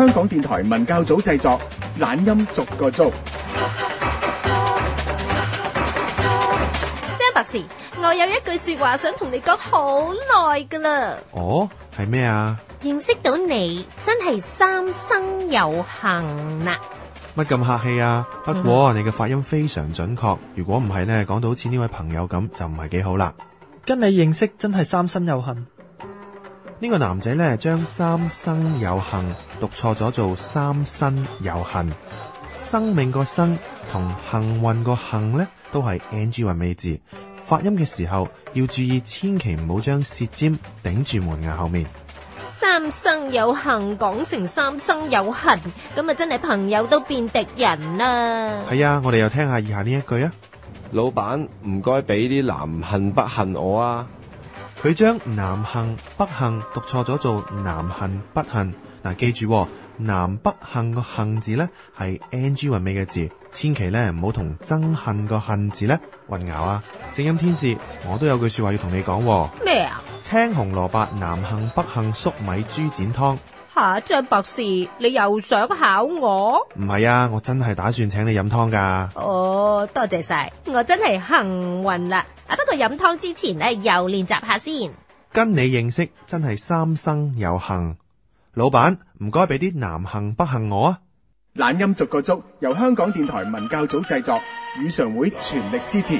香港電台文教組製作，懶音逐個捉。張博士，我有一句說話想同你講好耐噶啦。哦，係咩啊？認識到你真係三生有幸啦。乜咁客氣啊？不過你嘅發音非常準確。嗯、如果唔係呢，講到好似呢位朋友咁，就唔係幾好啦。跟你認識真係三生有幸。呢個男仔咧，將三生有幸讀錯咗做三生有恨。生命個生同幸運個幸咧都係 ng 韻尾字，發音嘅時候要注意，千祈唔好將舌尖頂住門牙後面。三生有幸講成三生有恨。咁啊真係朋友都變敵人啦。係啊，我哋又聽下以下呢一句啊，老闆唔該俾啲男恨不恨我啊？佢將南杏北杏讀錯咗做南杏北杏，嗱、啊、記住、哦，南北杏個杏字咧係 ng 韻尾嘅字，千祈咧唔好同憎恨個恨字咧混淆啊！正音天使，我都有句説話要同你講、哦。咩啊麼？青紅蘿蔔南杏北杏粟米豬展湯。吓，張博士，你又想考我？唔係啊，我真係打算請你飲湯㗎。哦，oh，多謝晒，我真係幸運啦。啊，不過飲湯之前呢，又練習下先。跟你認識真係三生有幸，老闆唔該俾啲南杏北杏我啊。懶音逐個捉，由香港電台文教組製作，語常會全力支持。